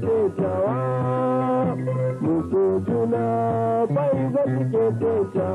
ke tawa musu tuna fa'iza suke ke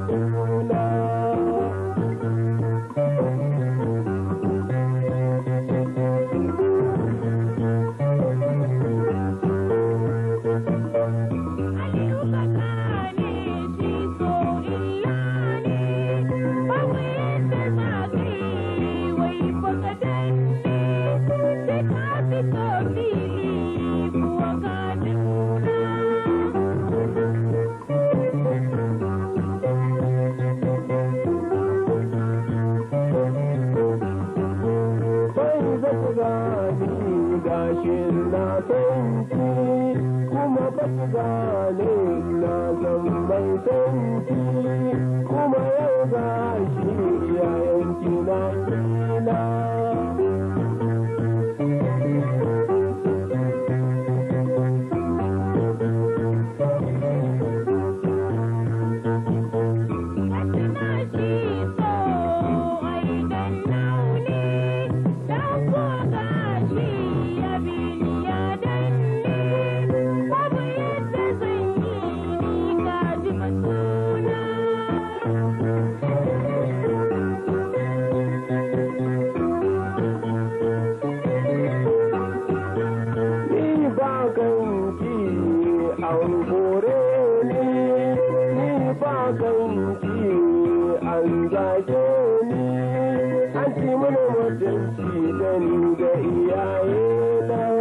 Música gashin na sauki kuma ba ne gane na zan mai sauki kuma yau gashi ya yanki na awon gore ne ba kan ki an gaje ni an ci mana da da iyaye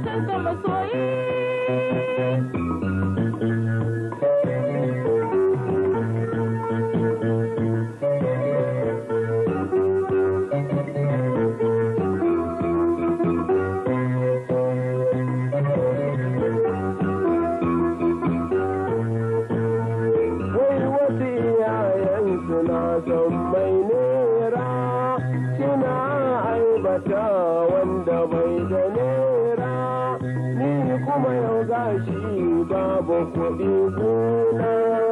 تنسى مصايب سمينيرا شنا عيبتا o ba kuɗi gona.